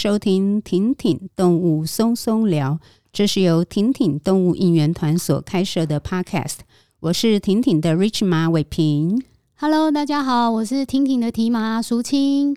收聽挺挺動物鬆鬆聊，這是由挺挺動物應援團所開設的 Podcast。我是挺挺的 Rich 馬偉平。Hello，大家好，我是挺挺的提馬淑清。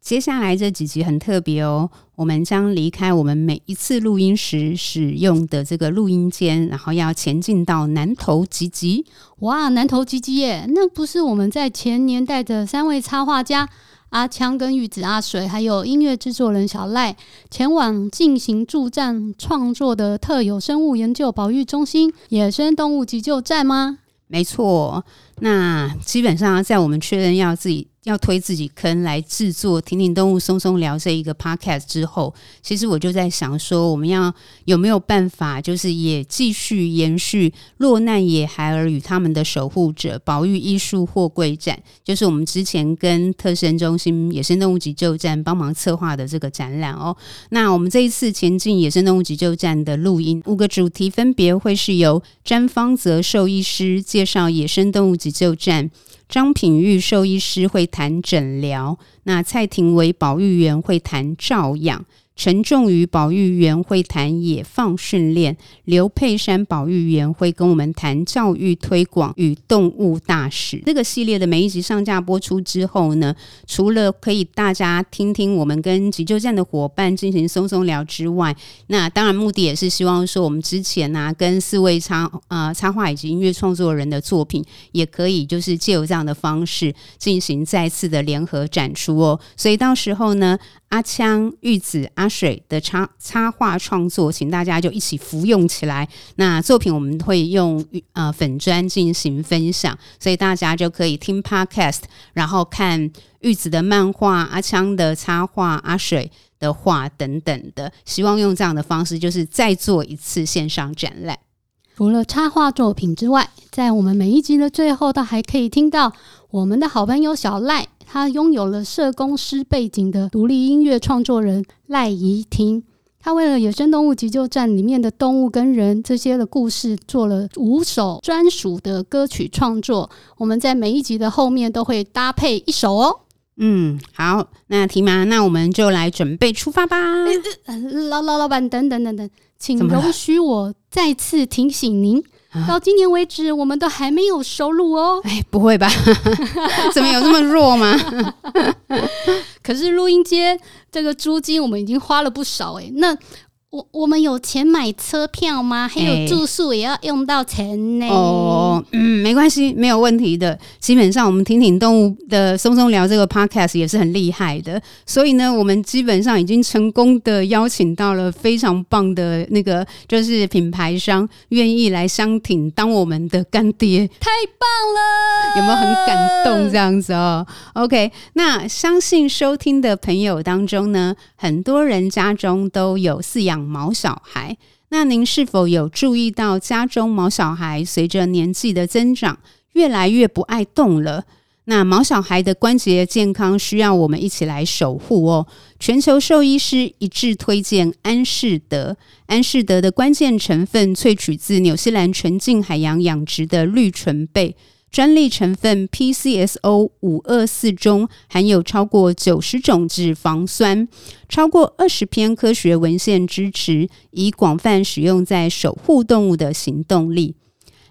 接下來這幾集很特別哦，我們將離開我們每一次錄音時使用的這個錄音間，然後要前進到南投集集。哇，南投集集耶，那不是我們在前年帶的三位插畫家。阿強跟玉子、阿水，還有音樂制作人小賴，前往進行駐站創作的特有生物研究保育中心野生動物急救站嗎？沒錯，那基本上在我們確認要自己。要推自己坑來制作《挺挺動物鬆鬆聊》這一個 podcast 之後，其實我就在想說，我們要有沒有辦法，就是也繼續延續《落難野孩兒與他們的守護者》保育藝術貨櫃展，就是我們之前跟特生中心，野生動物急救站幫忙策劃的這個展覽哦。那我們這一次前進野生動物急救站的錄音，五個主題分別會是由詹芳澤獸醫師介紹野生動物急救站。張品御獸醫師會談診療，那蔡婷維保育員會談照養。陳仲俞保育員會談野放訓練，劉佩珊保育員會跟我們談教育推廣與動物大使。這個系列的每一集上架播出之後呢，除了可以大家聽聽我們跟急救站的夥伴進行鬆鬆聊之外，那當然目的也是希望說，我們之前呢、啊、跟四位插啊、呃、插畫以及音樂創作的人的作品，也可以就是借由這樣的方式進行再次的聯合展出哦。所以到時候呢，阿槍玉子阿。水的插插畫創作，請大家就一起服用起來。那作品我們會用呃粉專進行分享，所以大家就可以聽 podcast，然後看玉子的漫畫、阿槍的插畫、阿水的畫等等的。希望用這樣的方式，就是再做一次線上展覽。除了插畫作品之外，在我們每一集的最後，倒還可以聽到我們的好朋友小賴。他擁有了社工師背景的獨立音樂創作人賴儀婷，他為了《野生動物急救站》裡面的動物跟人這些的故事做了五首專屬的歌曲創作，我們在每一集的後面都會搭配一首哦。嗯，好，那提瑪，那我們就來準備出發吧。欸呃、老老老闆等等等等，請容許我再次提醒您。到今年為止、啊，我們都還沒有收入哦。哎，不會吧？ 怎麼有這麼弱嗎？ 可是錄音間這個租金，我們已經花了不少哎、欸。那。我我們有錢買車票嗎？還有住宿也要用到錢呢。欸、哦，嗯，沒關係，沒有問題的。基本上我們挺挺動物的鬆鬆聊這個 podcast 也是很厲害的，所以呢，我們基本上已經成功的邀請到了非常棒的那個，就是品牌商願意來相挺當我們的乾爹，太棒了！有沒有很感動這樣子哦？OK，那相信收聽的朋友當中呢，很多人家中都有飼養。毛小孩，那您是否有注意到家中毛小孩隨着年紀的增長，越來越不愛動了？那毛小孩的關節健康需要我們一起來守護哦。全球獸醫師一致推薦安適得，安適得的關鍵成分萃取自紐西蘭純淨海洋養殖的綠唇貝。專利成分 PCSO 五二四中含有超過九十種脂肪酸，超過二十篇科學文獻支持，已廣泛使用在守護動物的行動力。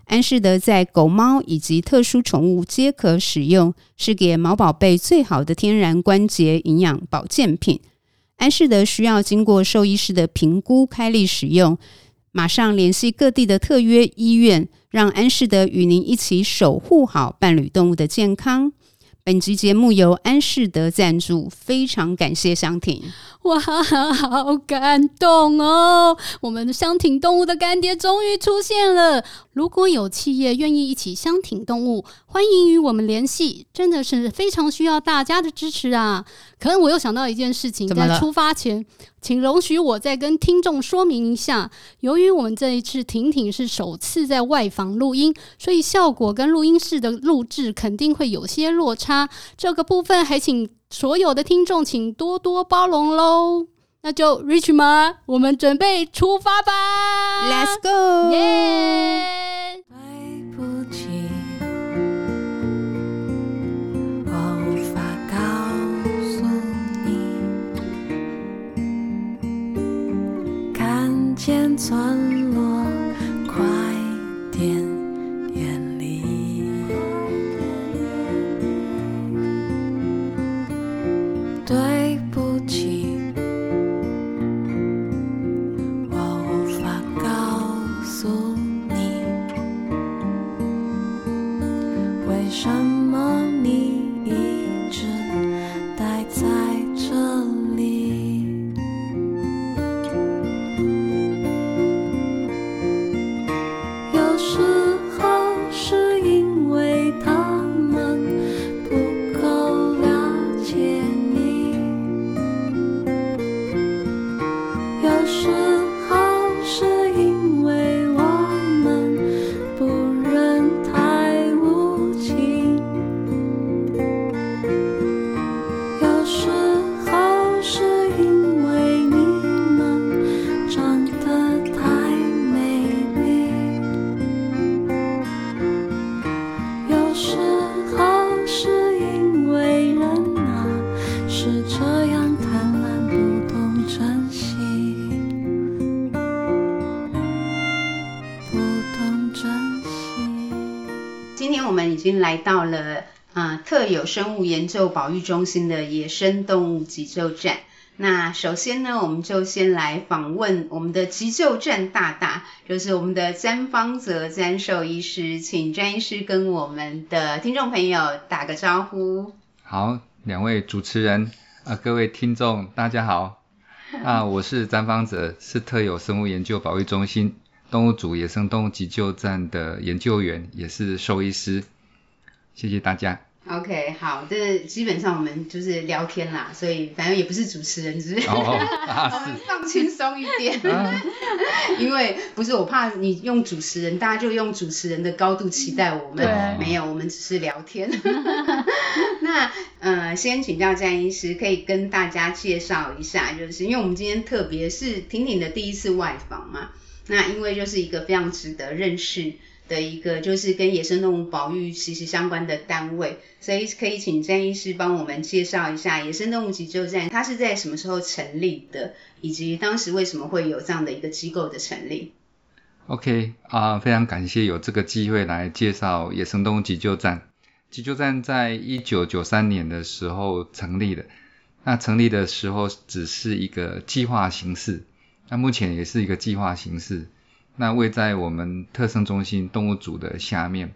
安適得在狗貓以及特殊寵物皆可使用，是給毛寶貝最好的天然關節營養保健品。安適得需要經過獸醫師的評估開立使用，馬上聯繫各地的特約醫院。讓安適得與您一起守護好伴侶動物的健康。本集節目由安適得贊助，非常感謝相挺。哇哈哈，好感動哦！我們的相挺動物的乾爹終於出現了。如果有企業願意一起相挺動物，歡迎與我們聯繫，真的是非常需要大家的支持啊！可能我又想到一件事情，在出發前，請容許我再跟聽眾說明一下，由於我們這一次挺挺是首次在外訪錄音，所以效果跟錄音室的錄制肯定會有些落差，這個部分還請所有的聽眾請多多包容嘍。那就 Rich 嘛，我們準備出發吧，Let's go！Yeah！對不起。我無法告訴你，看見村落。什麼？你？來到了啊，呃，特有生物研究保育中心的野生動物急救站。那首先呢，我們就先來訪問我們的急救站大大，就是我們的詹芳澤詹獸醫師，請詹醫師跟我們的聽眾朋友打個招呼。好，兩位主持人啊，各位聽眾大家好。 啊，我是詹芳澤，是特有生物研究保育中心動物組野生動物急救站的研究員，也是獸醫師。謝謝大家。OK，好，這基本上我們就是聊天啦，所以反正也不是主持人，只是、oh, ah, 我們放輕鬆一點， 因為不是我怕你用主持人，大家就用主持人的高度期待我們，嗯、沒有，我們只是聊天。 那呃，先請教詹醫師，可以跟大家介紹一下，就是因為我們今天特別是挺挺的第一次外訪嘛，那因為就是一個非常值得認識。的一個就是跟野生動物保育息息相關的單位，所以可以請詹醫師幫我們介紹一下野生動物急救站，它是在什麼時候成立的，以及當時為什麼會有這樣的一個機構的成立？OK 啊，uh，非常感謝有這個機會來介紹野生動物急救站。急救站在一九九三年的時候成立的，那成立的時候只是一個計劃形式，那目前也是一個計劃形式。那位在我們特生中心動物組的下面，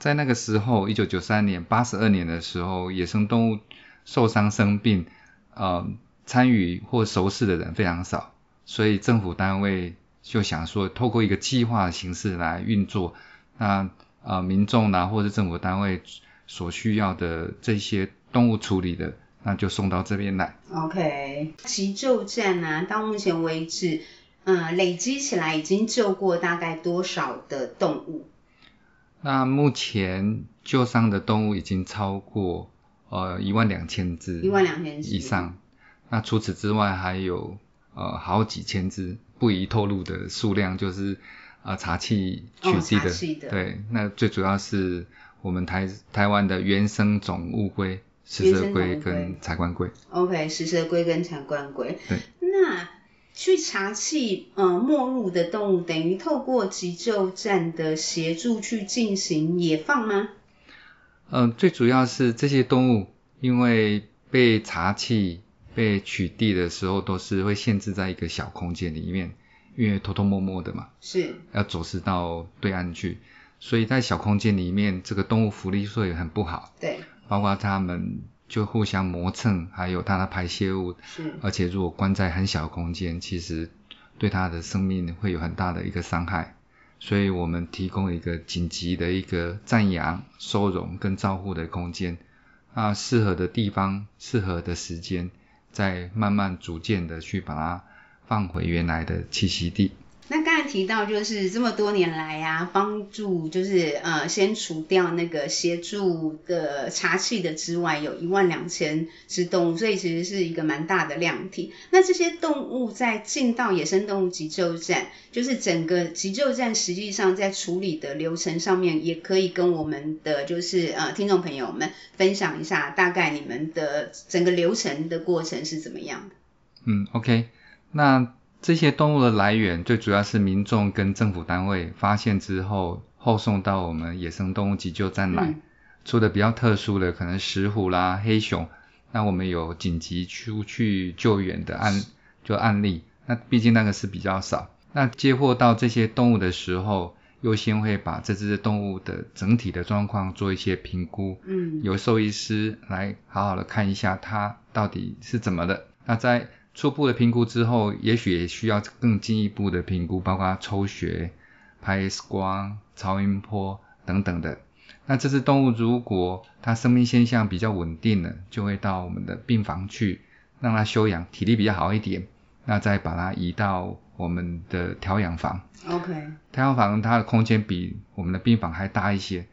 在那個時候，一九九三年八十二年的時候，野生動物受傷生病，呃，參與或熟識的人非常少，所以政府單位就想說，透過一個計劃的形式來運作，那呃民眾吶、啊、或者是政府單位所需要的這些動物處理的，那就送到這邊來。OK，急救站啊，到目前為止。嗯，累積起來已經救過大概多少的動物？那目前救傷的動物已經超過呃一萬兩千隻，一萬兩千隻以上。那除此之外還有呃好幾千隻不宜透露的數量，就是呃查緝取締的。哦，查緝的。對，那最主要是我們台台灣的原生種烏龜，龜，食蛇龜跟柴棺龜。OK，食蛇龜跟柴棺龜。對。去查緝，呃，沒入的動物，等於透過急救站的協助去進行野放嗎？嗯、呃，最主要是這些動物，因為被查緝、被取締的時候，都是會限制在一個小空間裡面，因為偷偷摸摸的嘛，是，要走私到對岸去，所以在小空間裡面，這個動物福利說也很不好，對，包括他們。就互相磨蹭，還有它的排泄物，而且如果關在很小空間，其實對它的生命會有很大的一個傷害，所以我們提供一個緊急的一個暫養、收容跟照護的空間，啊，適合的地方、適合的時間，再慢慢逐漸的去把它放回原來的棲息地。那剛才提到，就是這麼多年來呀、啊，幫助就是呃，先除掉那個協助的查氣的之外，有一萬兩千隻動物，所以其實是一個蠻大的量體。那這些動物在進到野生動物急救站，就是整個急救站實際上在處理的流程上面，也可以跟我們的就是呃聽眾朋友們分享一下，大概你們的整個流程的過程是怎麼樣的？嗯，OK，那。這些動物的來源最主要是民眾跟政府單位發現之後，後送到我們野生動物急救站來，嗯。出的比較特殊的可能石虎啦、黑熊，那我們有緊急出去救援的案，就案例。那畢竟那個是比較少。那接獲到這些動物的時候，優先會把這隻動物的整體的狀況做一些評估。嗯。由獸醫師來好好的看一下它到底是怎麼的。那在初步的評估之後，也許也需要更進一步的評估，包括抽血、拍 X 光、超音波等等的。那這隻動物如果它生命現象比較穩定了，就會到我們的病房去，讓它休養，體力比較好一點，那再把它移到我們的調養房。OK。調養房它的空間比我們的病房還大一些。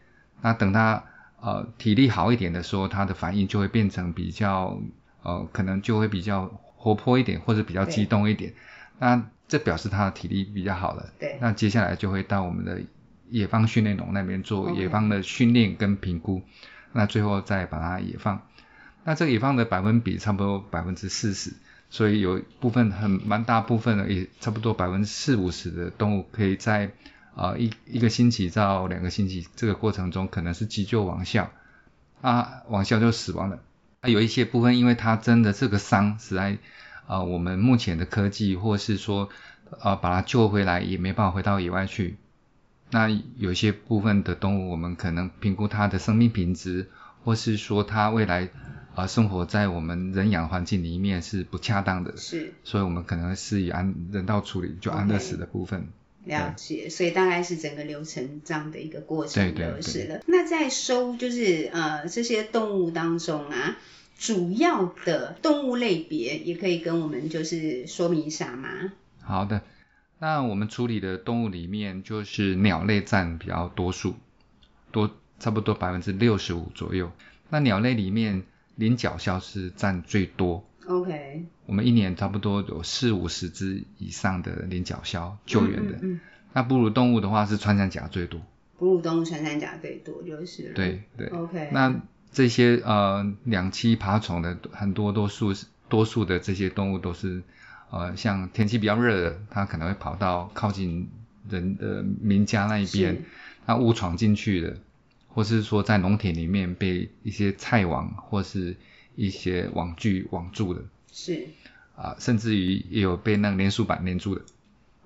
那等它呃體力好一點的時候，它的反應就會變成比較呃可能就會比較。活潑一點，或者比較激動一點，那這表示它的體力比較好了。對，那接下來就會到我們的野放訓練籠那邊做野放的訓練跟評估，okay. 那最後再把它野放。那這個野放的百分比差不多百分之四十，所以有部分很蠻大部分的也差不多百分之四五十的動物可以在啊、呃、一一個星期到兩個星期這個過程中可能是急救無效，啊無效就死亡了。啊、有一些部分，因為它真的這個傷實在啊、呃，我們目前的科技或是說啊、呃、把它救回來也沒辦法回到野外去。那有些部分的動物，我們可能評估它的生命品質，或是說它未來啊、呃、生活在我們人養環境裡面是不恰當的，是，所以我們可能施以安人道處理，就安樂死的部分。Okay. 了解，所以大概是整個流程這樣的一個過程。對，是的。那在收就是呃這些動物當中啊。主要的動物類別也可以跟我們就是說明一下嗎？好的，那我們處理的動物裡面就是鳥類占比較多數，多差不多百分之六十五左右。那鳥類裡面領角鴞是占最多。OK。我們一年差不多有四五十隻以上的領角鴞救援的。嗯嗯嗯。那哺乳動物的話是穿山甲最多。哺乳動物穿山甲最多就是。對對。OK。那這些呃兩棲爬蟲的很多多數是多數的這些動物都是呃像天氣比較熱的，它可能會跑到靠近人的民家那一邊，它誤闖進去的，或是說在農田裡面被一些菜網或是一些網具網住的。是。啊，呃，甚至於也有被那個粘鼠板粘住的。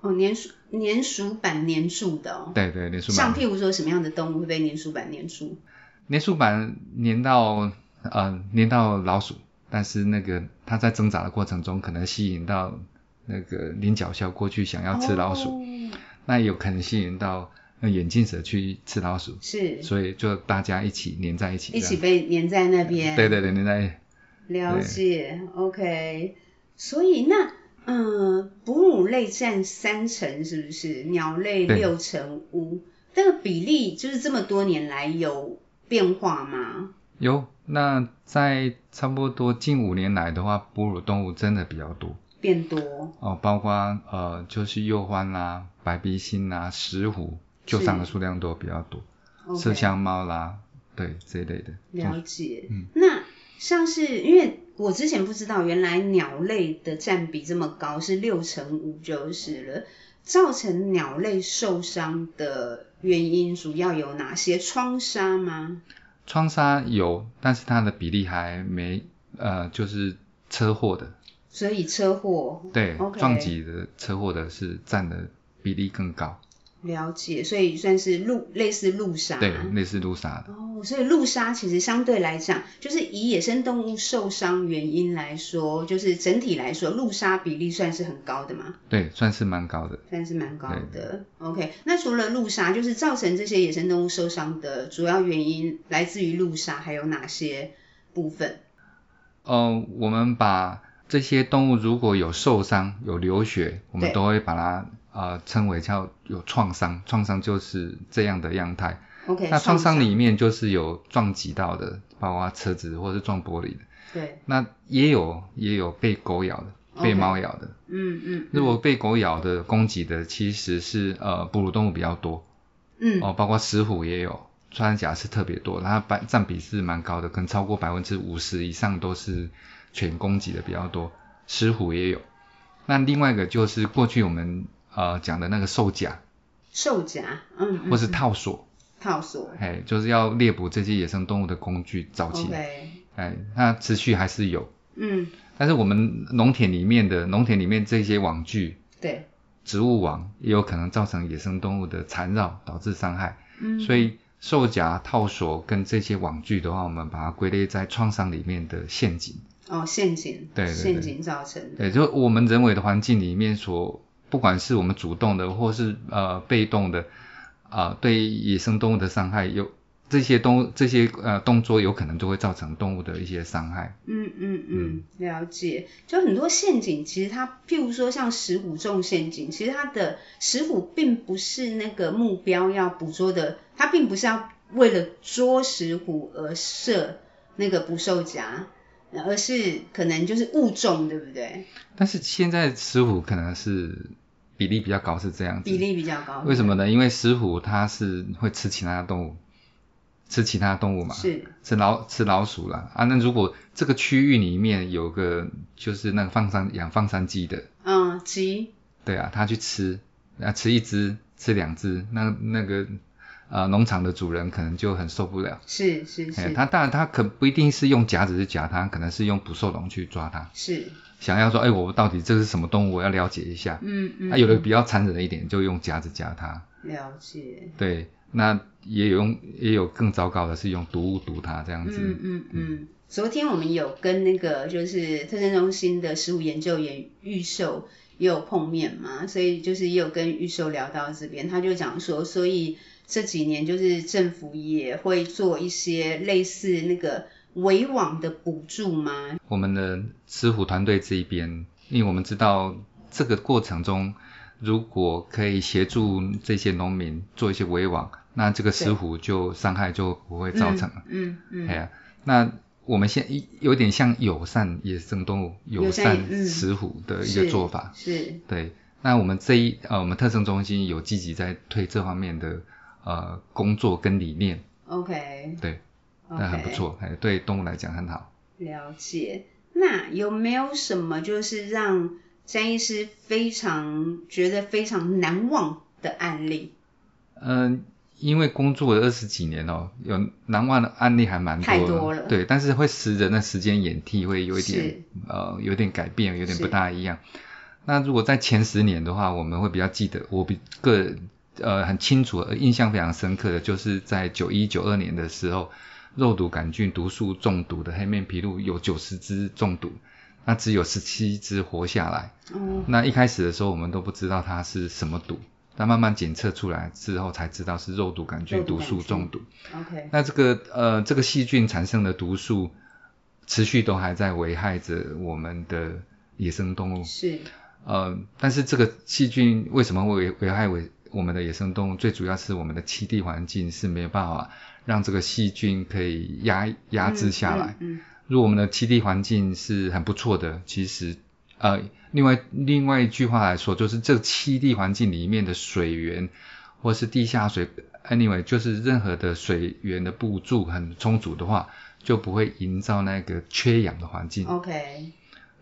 哦，粘鼠粘鼠板粘住的哦。對對，粘鼠板。像譬如說，什麼樣的動物會被粘鼠板粘住？粘鼠板粘到呃粘到老鼠，但是那個它在掙扎的過程中，可能吸引到那個領角鴞過去想要吃老鼠，oh. 那也有可能吸引到那眼鏡蛇去吃老鼠，是，所以就大家一起粘在,在,、嗯、在一起，一起被粘在那邊，對對對粘在一了解，OK。所以那嗯、呃，哺乳類占三成，是不是？鳥類六成五，這個比例就是這麼多年來有。變化嗎？有，那在差不多近五年來的話，哺乳動物真的比較多，變多哦、呃，包括呃，就是鼬獾啦，啊、白鼻心啦，啊、石虎受傷的數量都比較多，麝香、okay. 貓啦、啊，對這一類的了解、就是。嗯，那像是因為我之前不知道，原來鳥類的占比這麼高，是六成五就是了，造成鳥類受傷的。原因主要有哪些？窗殺嗎？窗殺有，但是它的比例還沒，呃，就是車禍的。所以車禍。對，Okay. 撞擊的車禍的是占的比例更高。了解，所以算是路，類似路殺，對，類似路殺的。哦，所以路殺其實相對來講，就是以野生動物受傷原因來說，就是整體來說，路殺比例算是很高的嗎？對，算是蠻高的。算是蠻高的。OK，那除了路殺，就是造成這些野生動物受傷的主要原因來自於路殺，還有哪些部分？哦，我們把這些動物如果有受傷、有流血，我們都會把它。啊、呃，稱為叫有創傷，創傷就是這樣的樣態。Okay, 那創傷裡面就是有撞擊到的，包括車子或是撞玻璃的。對。那也有也有被狗咬的，okay, 被貓咬的。嗯嗯。如果被狗咬的攻擊的，其實是呃哺乳動物比較多。嗯。哦，包括石虎也有，穿山甲是特別多，它占占比是蠻高的，可能超過百分之五十以上都是犬攻擊的比較多，石虎也有。那另外一個就是過去我們。呃，講的那個獸夾，獸夾，嗯，或是套索，嗯、套索，哎，就是要獵捕這些野生動物的工具早期，哎，它持續還是有，嗯，但是我們農田裡面的農田裡面這些網具，對，植物網也有可能造成野生動物的纏繞，導致傷害，嗯，所以獸夾、套索跟這些網具的話，我們把它歸類在創傷裡面的陷阱，哦，陷阱，對，對，對，陷阱造成的，對，就我們人為的環境裡面所。不管是我們主動的，或是呃被動的，啊、呃，對野生動物的傷害，有這些動這些呃動作，有可能就會造成動物的一些傷害。嗯嗯嗯，嗯，了解。就很多陷阱，其實它譬如說像石虎中陷阱，其實它的石虎並不是那個目標要捕捉的，它並不是要為了捉石虎而設那個捕獸夾，而是可能就是誤中，對不對？但是現在石虎可能是。比例比較高是這樣子，比例比較高。為什麼呢？因為石虎它是會吃其他的動物，吃其他的動物嘛，是吃老吃老鼠啦啊。那如果這個區域裡面有個就是那個放山養放山雞的，嗯，雞，對啊，它去吃，啊，吃一隻吃兩隻，那那個呃農場的主人可能就很受不了。是是是，它當然它可不一定是用夾子去夾它，可能是用捕獸籠去抓它。是。想要說，哎、欸，我到底這是什麼動物？我要了解一下。嗯嗯。那、啊、有的比較殘忍的一點，就用夾子夾它了解。對，那也有用，也有更糟糕的是用毒物毒它這樣子嗯嗯嗯，嗯。昨天我們有跟那個就是特生中心的食物研究員玉壽也有碰面嘛，所以就是也有跟玉壽聊到這邊，他就講說，所以這幾年就是政府也會做一些類似那個。圍網的補助嗎？我們的石虎團隊這一邊，因為我們知道這個過程中，如果可以協助這些農民做一些圍網，那這個石虎就傷害就不會造成了。嗯嗯。哎、嗯、呀、嗯啊，那我們現一有點像友善野生動物、友善石虎的一個做法、嗯是。是。對，那我們這一呃，我們特生中心有積極在推這方面的呃工作跟理念。OK。對。那、okay. 很不錯，對動物來講很好。了解，那有沒有什麼就是讓詹醫師非常覺得非常難忘的案例？嗯、呃，因為工作了二十幾年哦，有難忘的案例還蠻多的。太多了。對，但是會隨着那時間演替，會有一點呃，有點改變，有點不大一樣。那如果在前十年的話，我們會比較記得，我比個呃很清楚，印象非常深刻的，就是在九一九二年的時候。肉毒桿菌毒素中毒的黑面琵鷺有九十隻中毒，那只有十七隻活下來。嗯。那一開始的時候我們都不知道它是什麼毒，但慢慢檢測出來之後才知道是肉毒桿菌毒素中毒。OK，那這個呃這個細菌產生的毒素持續都還在危害着我們的野生動物。是，呃，但是這個細菌為什麼會危，危害危我們的野生動物？最主要是我們的棲地環境是沒有辦法。讓這個細菌可以壓壓制下來。嗯。如果我們的棲地環境是很不錯的，其實，呃，另外另外一句話來說，就是這棲地環境裡面的水源或是地下水，Anyway，就是任何的水源的補助很充足的話，就不會營造那個缺氧的環境。OK。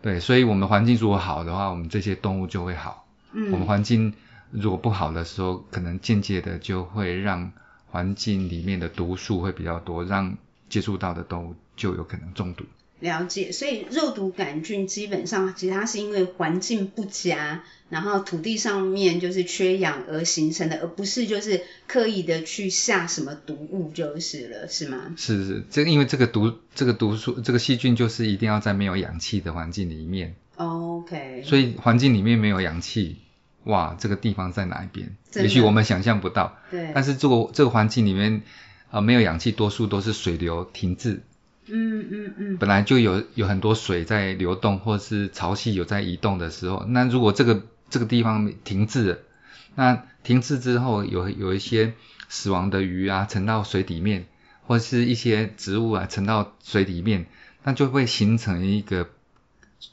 對，所以我們的環境如果好的話，我們這些動物就會好。嗯。我們環境如果不好的時候，可能間接的就會讓。環境裡面的毒素會比較多，讓接觸到的動物就有可能中毒。了解，所以肉毒桿菌基本上其實它是因為環境不佳，然後土地上面就是缺氧而形成的，而不是就是刻意的去下什麼毒物就是了，是嗎？是是，這因為這個毒這個毒素這個細菌就是一定要在沒有氧氣的環境裡面。Oh, OK。所以環境裡面沒有氧氣。哇，這個地方在哪一邊？也許我們想象不到。對。但是這個這個環境裡面啊、呃，沒有氧氣，多數都是水流停滯。嗯嗯嗯。本來就有有很多水在流動，或是潮汐有在移動的時候，那如果這個這個地方停滯了，那停滯之後有有一些死亡的魚啊沉到水底面，或是一些植物啊沉到水底面，那就會形成一個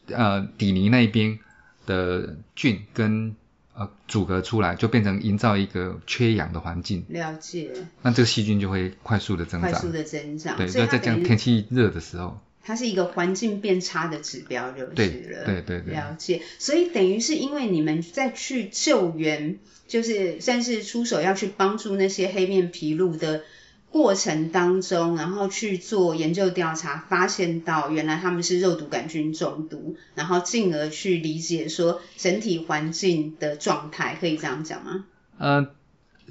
呃底泥那一邊的菌跟。呃，阻隔出來就變成營造一個缺氧的環境。了解。那這個細菌就會快速的增長。快速的增長。對，所以在這樣天氣熱的時候。它是一個環境變差的指標就是了。對對，對，對了解，所以等於是因為你們在去救援，就是算是出手要去幫助那些黑面琵鷺的過程當中，然後去做研究調查，發現到原來他們是肉毒桿菌中毒，然後進而去理解說整體環境的狀態，可以這樣講嗎？呃，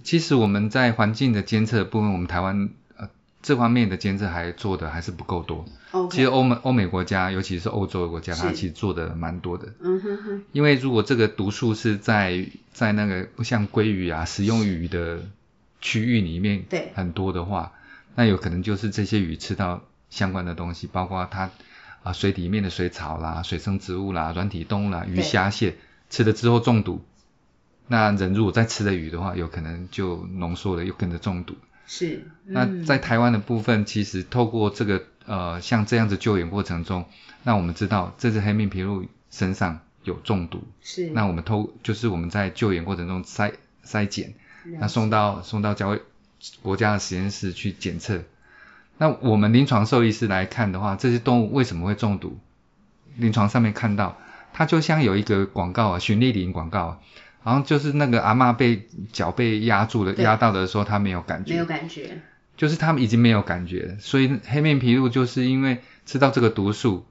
其實我們在環境的監測的部分，我們台灣呃這方面的監測還做的還是不夠多。Okay. 其實歐美、歐美國家，尤其是歐洲的國家，它其實做的蠻多的。嗯哼哼。因為如果這個毒素是在在那個不像鮭魚啊食用魚的，區域裡面很多的話，那有可能就是這些魚吃到相關的東西，包括它啊、呃、水底面的水草啦、水生植物啦、軟體動物啦、魚蝦蟹吃了之後中毒。那人如果再吃了魚的話，有可能就濃縮了，又跟着中毒。是。嗯、那在台灣的部分，其實透過這個呃像這樣子救援過程中，那我們知道這只黑面琵鷺身上有中毒。是。那我們偷就是我們在救援過程中篩篩檢。那送到送到交國家的實驗室去檢測，那我們臨床獸醫師來看的話，這些動物為什麼會中毒？臨床上面看到，它就像有一個廣告啊，循利寧廣告，啊，然後就是那個阿嬤被腳被壓住了，壓到的時候它沒有感覺，沒有感覺，就是牠們已經沒有感覺，所以黑面琵鷺就是因為吃到這個毒素，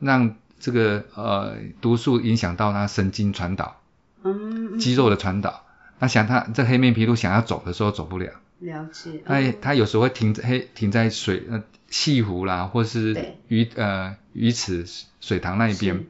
讓這個呃毒素影響到它神經傳導，嗯,嗯，肌肉的傳導。那想它這黑面琵鷺想要走的時候走不了，了解。它它有時候會停在黑停在水呃，潟湖啦，或是魚對呃魚池水塘那一邊，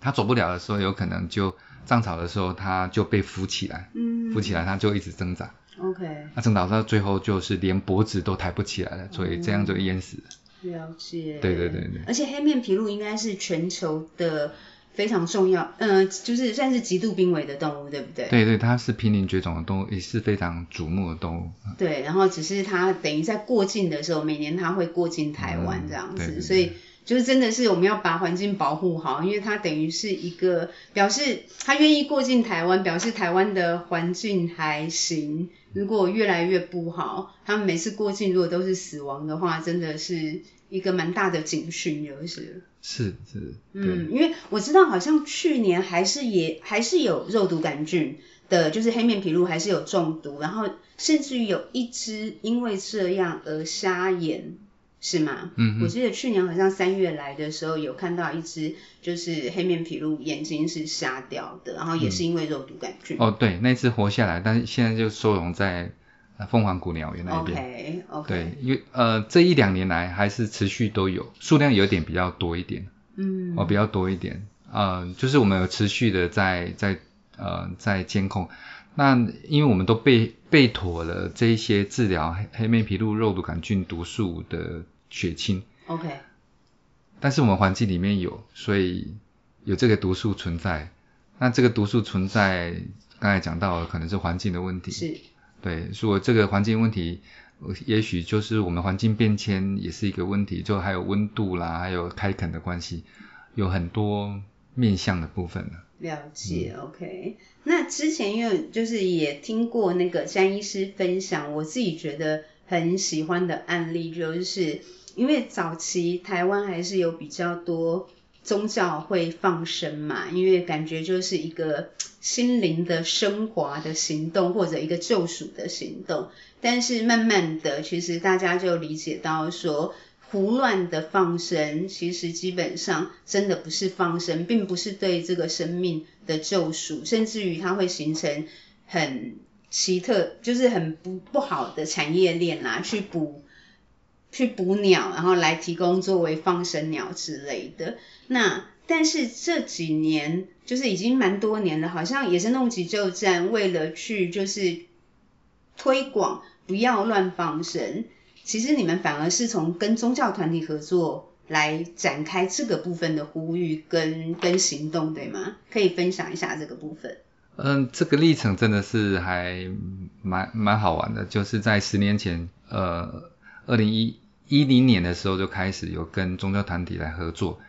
它走不了的時候，有可能就漲潮的時候，它就被浮起來，嗯、浮起來它就一直掙扎。OK、嗯。那掙扎到最後就是連脖子都抬不起來了、嗯，所以這樣就淹死了。了解。對對對對。而且黑面琵鷺應該是全球的。非常重要，嗯、呃，就是算是極度瀕危的動物，對不對？對對，它是瀕臨絕種的動物，也是非常矚目的動物。對，然後只是它等於在過境的時候，每年它會過境台灣這樣子，嗯、對對對。所以就是真的是我們要把環境保護好，因為它等於是一個表示它願意過境台灣，表示台灣的環境還行。如果越來越不好，它們每次過境如果都是死亡的話，真的是一個蠻大的警訊，就是。嗯是是，嗯，因為我知道好像去年還是也還是有肉毒桿菌的，就是黑面琵鷺還是有中毒，然後甚至於有一隻因為這樣而瞎眼，是嗎？嗯，我記得去年好像三月來的時候有看到一隻，就是黑面琵鷺眼睛是瞎掉的，然後也是因為肉毒桿菌。嗯。哦，對，那隻活下來，但是現在就收容在。鳳凰谷鳥園那邊，okay, okay. 對，因為呃，這一兩年來還是持續都有，數量有點比較多一點，嗯，哦比較多一點，呃，就是我們有持續的在在呃在監控。那因為我們都備備妥了這一些治療黑黑面琵鷺肉毒桿菌毒素的血清，OK，但是我們環境裡面有，所以有這個毒素存在。那這個毒素存在，剛才講到了可能是環境的問題，是。對，所以這個環境問題，也許就是我們環境變遷也是一個問題，就還有溫度啦，還有開墾的關係，有很多面向的部分呢。了解、嗯，OK。那之前因為就是也聽過那個詹醫師分享，我自己覺得很喜歡的案例，就是因為早期台灣還是有比較多。宗教會放生嘛，因為感覺就是一個心靈的升華的行動，或者一個救贖的行動。但是慢慢的，其實大家就理解到說，胡亂的放生，其實基本上真的不是放生，並不是對這個生命的救贖，甚至於它會形成很奇特，就是很不不好的產業鏈啦、啊，去捕去捕鳥，然後來提供作為放生鳥之類的。那但是這幾年就是已經蠻多年了，好像也是弄急救站，為了去就是推廣不要亂放生。其實你們反而是從跟宗教團體合作來展開這個部分的呼籲跟跟行動，對嗎？可以分享一下這個部分。嗯，這個歷程真的是還蠻蠻好玩的，就是在十年前，呃，二零一一零年的時候就開始有跟宗教團體來合作。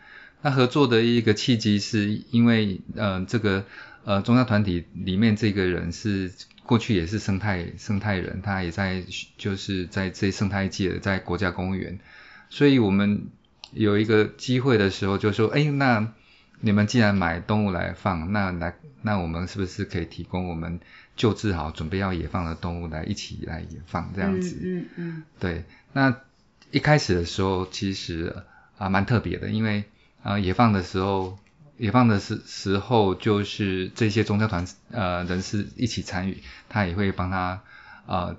那合作的一個契機是因為，呃，這個呃，宗教團體裡面這個人是過去也是生態生態人，他也在就是在這生態界的，在國家公園，所以我們有一個機會的時候就說，哎、欸，那你們既然買動物來放，那來那我們是不是可以提供我們救治好準備要野放的動物來一起來野放這樣子？嗯嗯，嗯。對，那一開始的時候其實啊蠻、呃、特別的，因為。啊，野放的時候，野放的時時候就是這些宗教團呃人士一起參與，他也會幫他啊、呃、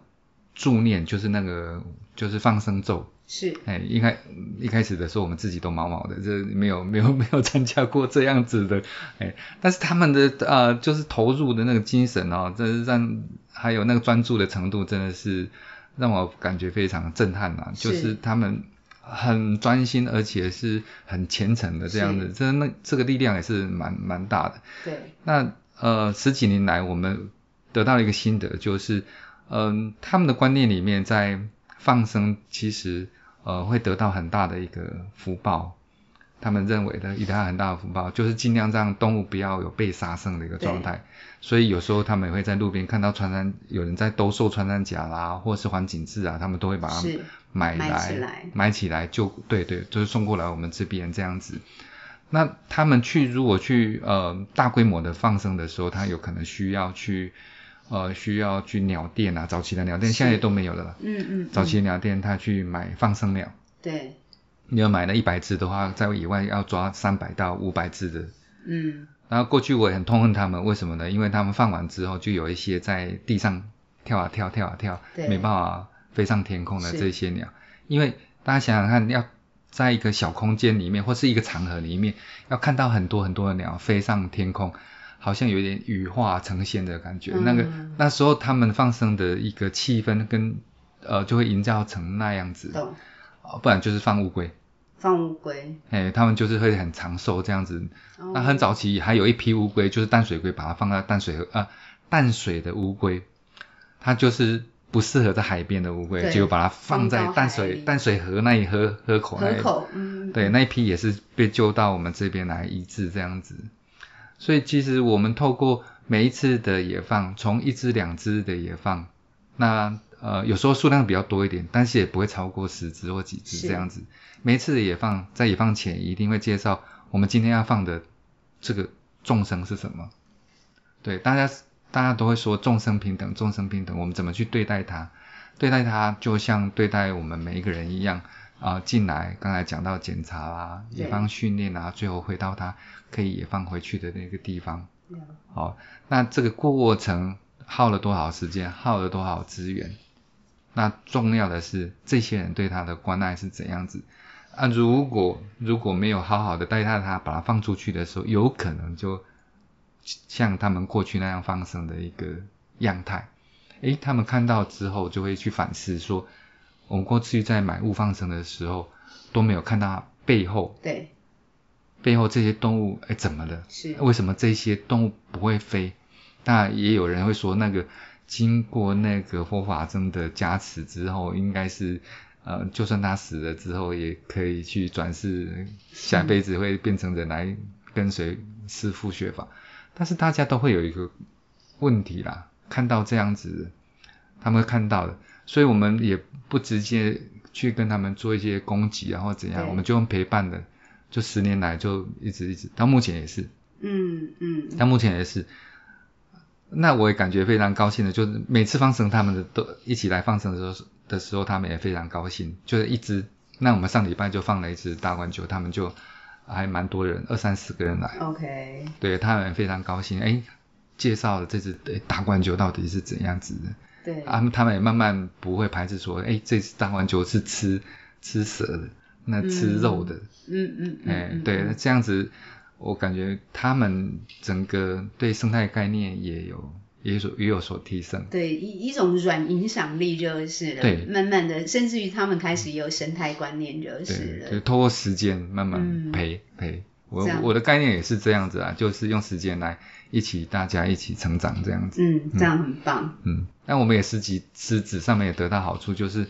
助念，就是那個就是放生咒。是。哎，一開一開始的時候，我們自己都毛毛的，這沒有沒有沒有參加過這樣子的，哎，但是他們的啊、呃、就是投入的那個精神哦，真的是讓還有那個專注的程度，真的是讓我感覺非常震撼啊，是。就是他們。很專心，而且是很虔誠的這樣子，這，那這個力量也是蠻蠻大的。對，那呃十幾年來，我們得到一個心得，就是嗯、呃，他們的觀念裡面，在放生其實呃會得到很大的一個福報。他們認為的，一旦很大的福報，就是盡量讓動物不要有被殺生的一個狀態。所以有時候他們也會在路邊看到穿山，有人在兜售穿山甲啦、啊，或是環頸雉啊，他們都會把它買來買起來，起來就對，對對，就是送過來我們這邊這樣子。那他們去如果去呃大規模的放生的時候，他有可能需要去呃需要去鳥店啊，早期的鳥店現在也都沒有了。嗯，嗯嗯。早期鳥店他去買放生鳥。對。你要買了一百隻的話，在野外要抓三百到五百隻的。嗯。然後過去我也很痛恨他們，為什麼呢？因為他們放完之後，就有一些在地上跳啊跳、啊，跳啊跳，沒辦法飛上天空的這些鳥。因為大家想想看，要在一個小空間裡面，或是一個場合裡面，要看到很多很多的鳥飛上天空，好像有點羽化成仙的感覺。嗯，那個那時候他們放生的一個氣氛跟呃，就會營造成那樣子。嗯不然就是放烏龜，放烏龜，哎、欸，他們就是會很長壽這樣子，哦。那很早期還有一批烏龜，就是淡水龜，把它放在淡水河，呃，淡水的烏龜，它就是不適合在海邊的烏龜，就把它放在淡水、淡水河那裡、河河口，河口，嗯，對，那一批也是被救到我們這邊來醫治這樣子。所以其實我們透過每一次的野放，從一只兩隻的野放，那。呃，有時候數量比較多一點，但是也不會超過十隻或幾隻這樣子。每次野放在野放前，一定會介紹我們今天要放的這個眾生是什麼。對，大家大家都會說眾生平等，眾生平等，我們怎麼去對待它？對待它就像對待我們每一個人一樣啊、呃！進來，剛才講到檢查啦、啊，野放訓練啊，最後回到它可以野放回去的那個地方。好、yeah. 哦，那這個過程耗了多少時間，耗了多少資源？那重要的是，這些人對他的關愛是怎樣子啊？如果如果沒有好好的對待他，把他放出去的時候，有可能就像他們過去那樣放生的一個樣態。誒、欸，他們看到之後就會去反思說，我們過去在買物放生的時候都沒有看到背後。對。背後這些動物誒、欸，怎麼了？是。為什麼這些動物不會飛？那也有人會說那個。經過那個佛法僧的加持之後，應該是呃，就算他死了之後，也可以去轉世，下輩子會變成人來跟隨師父學法。嗯。但是大家都會有一個問題啦，看到這樣子，他們會看到的，所以我們也不直接去跟他們做一些攻擊，然後怎樣，我們就用陪伴的，就十年來就一直一直到目前也是，嗯嗯，到目前也是。那我也感覺非常高興的，就是每次放生他們的都一起來放生的時候的時候，他們也非常高興，就是一隻。那我們上禮拜就放了一隻大冠鷲，他們就還蠻多人，二三十個人來。OK 對。對他們非常高興，誒、欸、介紹了這隻、欸、大冠鷲到底是怎樣子的？對。啊、他們也慢慢不會排斥說，誒、欸、這隻大冠鷲是吃吃蛇的，那吃肉的。嗯、欸、嗯嗯，嗯，嗯、欸。對，那這樣子。我感覺他們整個對生態概念，也有也有，也有所提升，對，一一種軟影響力就是，對，慢慢的甚至於他們開始有生態觀念，就是對，就透過時間慢慢陪，嗯、陪我我的概念也是這樣子啊，就是用時間來一起大家一起成長這樣子。嗯，這樣很棒。嗯，但我們也是其實質上面也得到好處就是，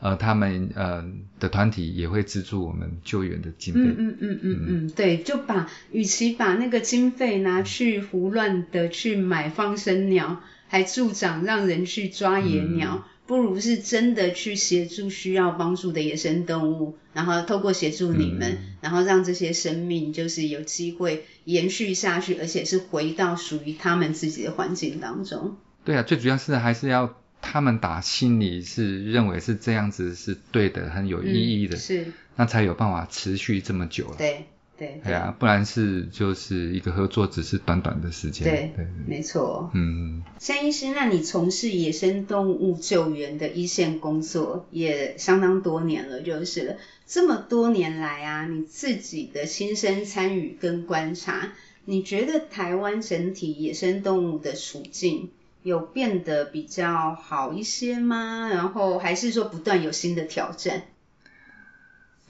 呃，他們呃的團體也會資助我們救援的經費。嗯嗯嗯嗯嗯，對，就把與其把那個經費拿去胡亂的去買放生鳥，還助長讓人去抓野鳥，嗯、不如是真的去協助需要幫助的野生動物，然後透過協助你們、嗯，然後讓這些生命就是有機會延續下去，而且是回到屬於他們自己的環境當中。對啊，最主要是還是要，他們打心裡是認為是這樣子是對的，很有意義的，嗯、是那才有辦法持續這麼久。對對，哎呀，hey, 不然是就是一個合作只是短短的時間。對對，對對，沒錯。嗯，詹醫師，那你從事野生動物救援的一線工作也相當多年了，就是了。這麼多年來啊，你自己的親身參與跟觀察，你覺得台灣整體野生動物的處境有變得比較好一些嗎？然後還是說不斷有新的挑戰？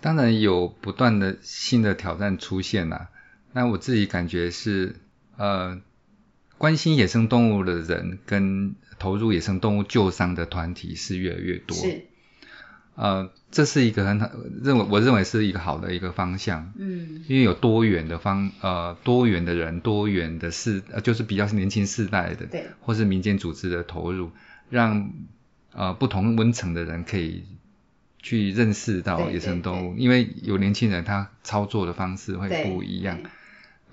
當然有不斷的新的挑戰出現啦、啊。那我自己感覺是，呃，關心野生動物的人跟投入野生動物救傷的團體是越來越多。是。呃，這是一個很好，認為我認為是一個好的一個方向，嗯，因為有多元的方，呃，多元的人，多元的事，呃，就是比較年輕世代的，對，或是民間組織的投入，讓呃不同溫層的人可以去認識到野生動物，因為有年輕人他操作的方式會不一樣，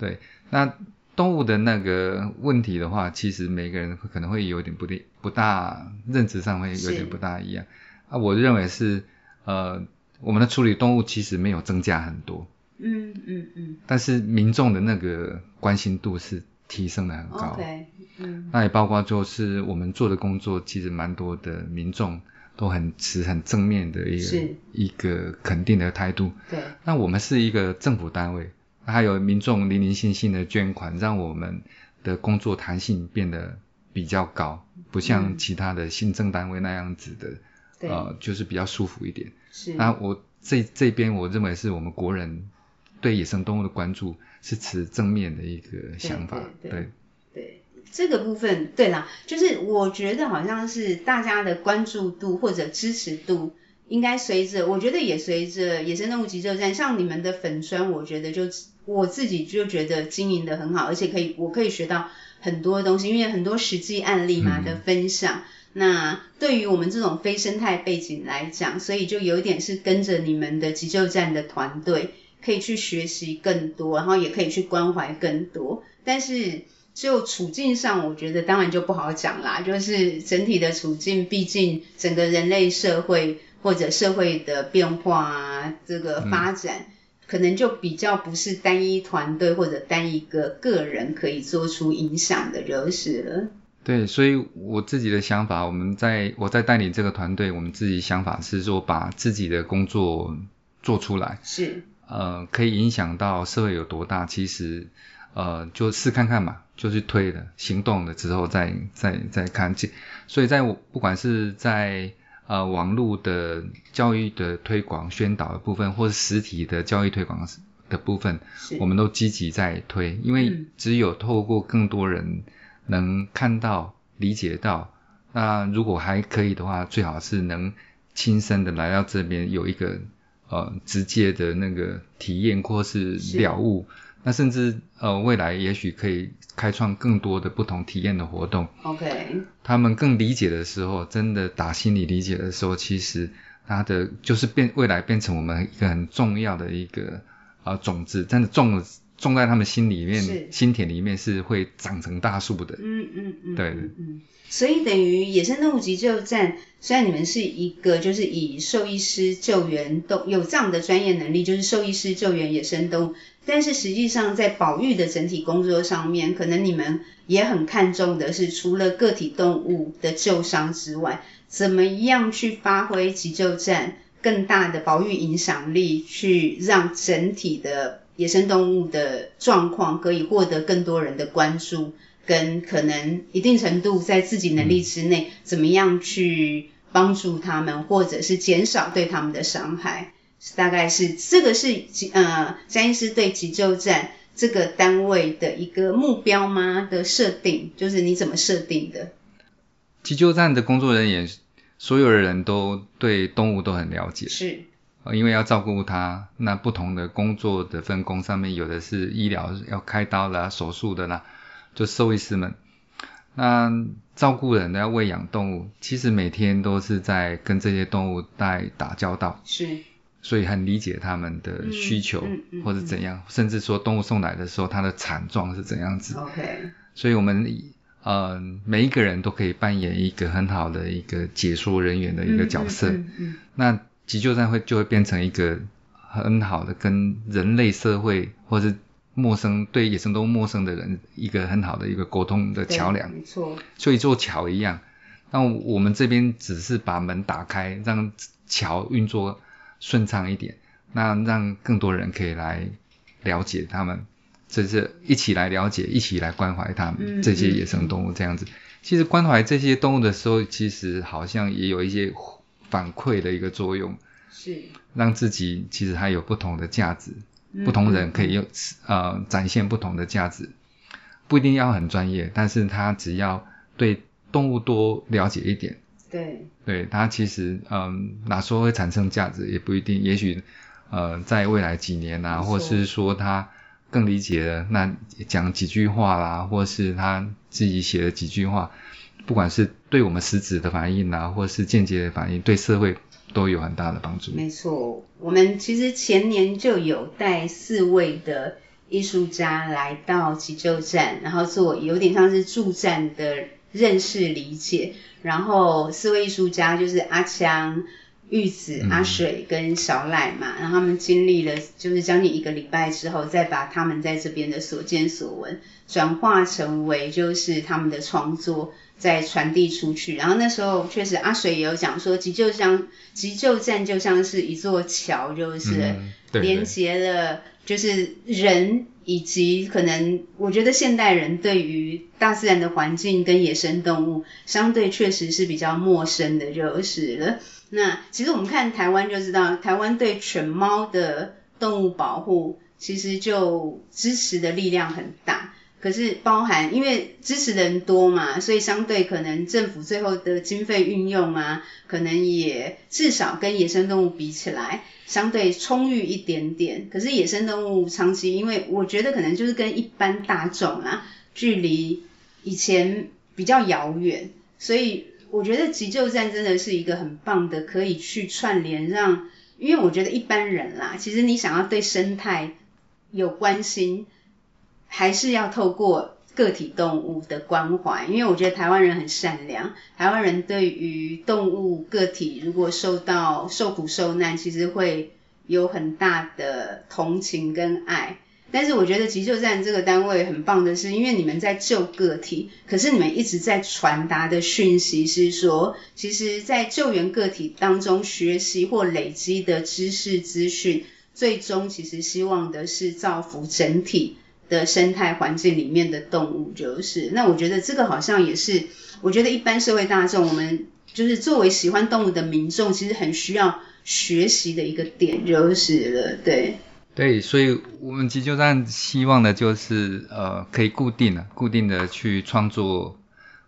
對，對對那動物的那個問題的話，其實每個人可能會有點不對，不大，認知上會有點不大一樣。啊，我認為是呃，我們的處理動物其實沒有增加很多，嗯嗯嗯，但是民眾的那個關心度是提升得很高 o、okay, 嗯，那也包括就是我們做的工作其實蠻多的，民眾都很持很正面的一個一個肯定的態度，對，那我們是一個政府單位，還有民眾零零星星的捐款，讓我們的工作彈性變得比較高，不像其他的行政單位那樣子的。嗯呃，就是比較舒服一點。是。那我這這邊我認為是我們國人對野生動物的關注是持正面的一個想法。對。對，對對對這個部分對啦，就是我覺得好像是大家的關注度或者支持度，應該隨着，我覺得也隨着野生動物急救站，像你們的粉專，我覺得就我自己就覺得經營得很好，而且可以我可以學到很多東西，因為很多實際案例嘛的分享。嗯那對於我們這種非生態背景來講，所以就有點是跟着你們的急救站的團隊，可以去學習更多，然後也可以去關懷更多。但是就處境上，我覺得當然就不好講啦。就是整體的處境，畢竟整個人類社會或者社會的變化啊，這個發展，嗯，可能就比較不是單一團隊或者單一個個人可以做出影響的，就是了。對，所以我自己的想法，我們在我在帶領這個團隊，我們自己想法是說把自己的工作做出來，是呃，可以影響到社會有多大，其實呃，就試看看吧，就去推了，行動了之後再再再看。所以在我，不管是在呃網絡的教育的推廣宣導的部分，或者實體的教育推廣的的部分，我們都積極在推，因為只有透過更多人。嗯能看到、理解到，那如果還可以的話，最好是能親身的來到這邊，有一個呃直接的那個體驗或是了悟。那甚至呃未來也許可以開創更多的不同體驗的活動。OK。他們更理解的時候，真的打心裡理解的時候，其實他的就是變未來變成我們一個很重要的一個啊、呃、種子，真的種種在他們心裡面、心田裡面是會長成大樹的。嗯嗯嗯，對。嗯，所以等於野生動物急救站，雖然你們是一個，就是以獸醫師救援動有這樣的專業能力，就是獸醫師救援野生動物，但是實際上在保育的整體工作上面，可能你們也很看重的是，除了個體動物的救傷之外，怎麼樣去發揮急救站更大的保育影響力，去讓整體的。野生動物的狀況，可以獲得更多人的關注，跟可能一定程度在自己能力之內，怎麼樣去幫助他們，或者是減少對他們的傷害，大概是這個是呃，詹醫師對急救站這個單位的一個目標嗎？的設定，就是你怎麼設定的？急救站的工作人員，所有的人都對動物都很了解。是。因為要照顧他，那不同的工作的分工上面，有的是醫療要開刀啦、啊、手術的啦、啊，就獸醫師們，那照顧人、要餵養動物，其實每天都是在跟這些動物在打交道，是，所以很理解他們的需求或者怎樣、嗯嗯嗯，甚至說動物送來的時候它的慘狀是怎樣子，OK，所以我們呃每一個人都可以扮演一個很好的一個解說人員的一個角色，嗯嗯嗯嗯、那。急救站會就會變成一個很好的跟人類社會或是陌生對野生動物陌生的人一個很好的一個溝通的橋樑，沒錯，所以座橋一樣。那我們這邊只是把門打開，讓橋運作順暢一點，那讓更多人可以來了解他們，這、就是一起來了解，一起來關懷他們，嗯嗯嗯，這些野生動物這樣子。其實關懷這些動物的時候，其實好像也有一些。反饋的一個作用，是讓自己其實還有不同的價值，嗯嗯，不同人可以用呃展現不同的價值，不一定要很專業，但是他只要對動物多了解一點，對，對他其實嗯哪說會產生價值也不一定，也許呃在未來幾年啊，或是說他更理解了，那講幾句話啦，或是他自己寫了幾句話。不管是對我們實質的反應啊，或者是間接的反應，對社會都有很大的幫助。沒錯，我們其實前年就有帶四位的藝術家來到急救站，然後做有點像是駐站的認識理解。然後四位藝術家就是阿強、玉子、阿水跟小賴嘛，嗯，然後他們經歷了就是將近一個禮拜之後，再把他們在這邊的所見所聞轉化成為就是他們的創作。再傳遞出去，然後那時候確實阿水也有講說，急救箱、急救站就像是一座橋，就是連接了，嗯、對對對，連結了就是人以及可能，我覺得現代人對於大自然的環境跟野生動物，相對確實是比較陌生的，就是了。那其實我們看台灣就知道，台灣對犬貓的動物保護，其實就支持的力量很大。可是包含，因為支持的人多嘛，所以相對可能政府最後的經費運用啊，可能也至少跟野生動物比起來，相對充裕一點點。可是野生動物長期，因為我覺得可能就是跟一般大眾啊，距離以前比較遙遠，所以我覺得急救站真的是一個很棒的，可以去串聯，讓因為我覺得一般人啦，其實你想要對生態有關心。還是要透過個體動物的關懷，因為我覺得台灣人很善良。台灣人對於動物個體如果受到受苦受難，其實會有很大的同情跟愛。但是我覺得急救站這個單位很棒的是，因為你們在救個體，可是你們一直在傳達的訊息是說，其實在救援個體當中學習或累積的知識資訊，最終其實希望的是造福整體的生態環境裡面的動物就是，那我覺得這個好像也是，我覺得一般社會大眾，我們就是作為喜歡動物的民眾，其實很需要學習的一個點，就是了，對。對，所以我們急救站希望的就是，呃，可以固定了、啊，固定的去創作，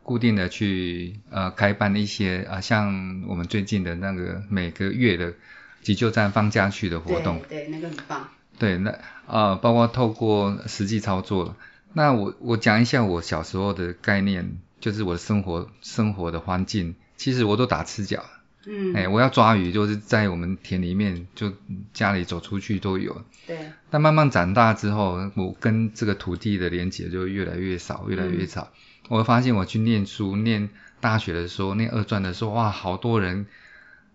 固定的去呃開辦一些啊、呃，像我們最近的那個每個月的急救站放假去的活動，對，對，那個很棒。對，那。啊、呃，包括透過實際操作，那我我講一下我小時候的概念，就是我的生活生活的環境，其實我都打赤腳，嗯，哎、欸，我要抓魚就是在我們田裡面，就家裡走出去都有，對，但慢慢長大之後，我跟這個土地的連結就越來越少，越來越少。嗯、我發現我去念書念大學的時候，念二專的時候，哇，好多人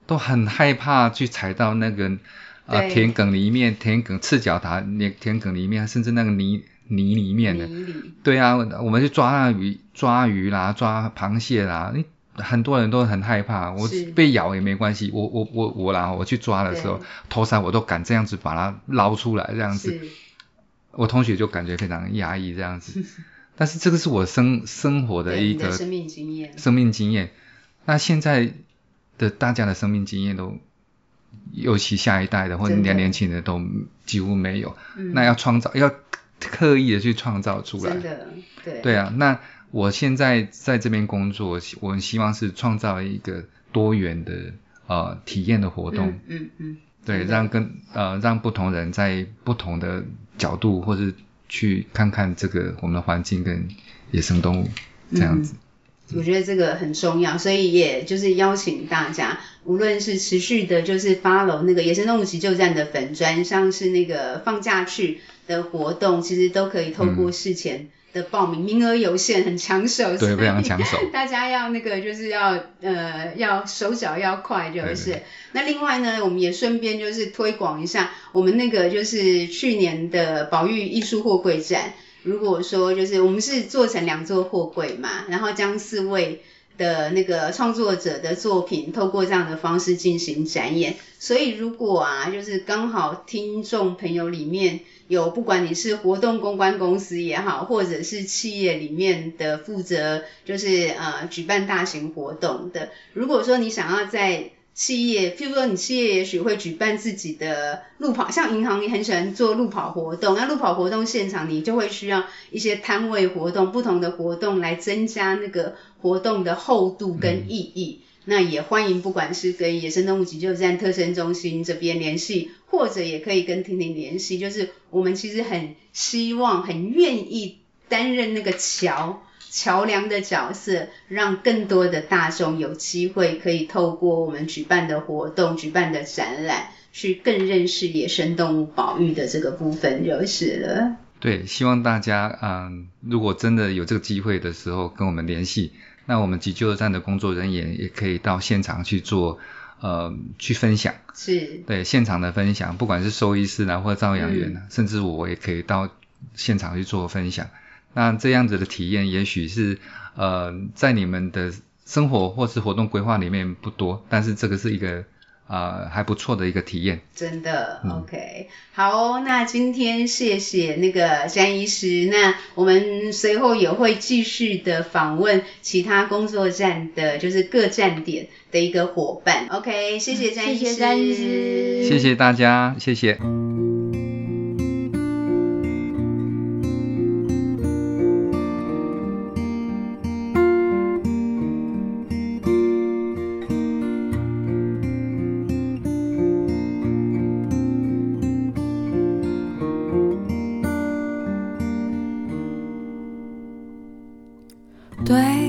都很害怕去踩到那個。啊、呃，田埂裡面，田埂赤腳踏田埂裡面，甚至那個泥泥裡面的裡，對啊，我們去抓那魚，抓魚啦，抓螃蟹啦，很多人都很害怕，我被咬也沒關係，我我我我啦，我去抓的時候，頭上我都敢這樣子把它撈出來這樣子，我同學就感覺非常壓抑這樣子， 但是這個是我生生活的一個的生命經驗，生命經驗，那現在的大家的生命經驗都。尤其下一代的，或者年年輕人都幾乎沒有，那要創造、嗯，要刻意的去創造出來。真的，對、啊，對啊。那我現在在這邊工作，我希望是創造一個多元的呃體驗的活動。嗯嗯，嗯。對，讓跟呃讓不同人在不同的角度，或是去看看這個我們的環境跟野生動物這樣子。嗯我覺得這個很重要，所以也就是邀請大家，無論是持續的，就是 follow 那個野生動物急救站的粉專，像是那個放假去的活動，其實都可以透過事前的報名，嗯、名額有限，很搶手，對，非常搶手，大家要那個就是要呃要手腳要快，就是。那另外呢，我們也順便就是推廣一下我們那個就是去年的保育藝術貨櫃展。如果說就是我們是做成兩座貨櫃嘛，然後將四位的那個創作者的作品透過這樣的方式進行展演，所以如果啊，就是剛好聽眾朋友裡面有不管你是活動公關公司也好，或者是企業裡面的負責就是呃舉辦大型活動的，如果說你想要在。企業，譬如說你企業也許會舉辦自己的路跑，像銀行也很喜歡做路跑活動，那路跑活動現場你就會需要一些攤位活動、不同的活動來增加那個活動的厚度跟意義。嗯、那也歡迎不管是跟野生動物急救站、特生中心這邊聯繫，或者也可以跟挺挺聯繫，就是我們其實很希望、很願意擔任那個橋。橋樑的角色，讓更多的大眾有機會可以透過我們舉辦的活動、舉辦的展覽，去更認識野生動物保育的這個部分就是了。對，希望大家，嗯，如果真的有這個機會的時候跟我們聯繫，那我們急救站的工作人員也可以到現場去做，呃，去分享。是。對，現場的分享，不管是獸醫師啊，或照養員呢，啊，嗯，甚至我也可以到現場去做分享。那這樣子的體驗，也許是呃，在你們的生活或是活動規劃裡面不多，但是這個是一個呃還不錯的一個體驗。真的，嗯，OK。好哦，那今天謝謝那個詹醫師，那我們隨後也會繼續的訪問其他工作站的，就是各站點的一個夥伴。OK，謝謝詹醫師，嗯，謝謝詹醫師，謝謝大家，謝謝。對。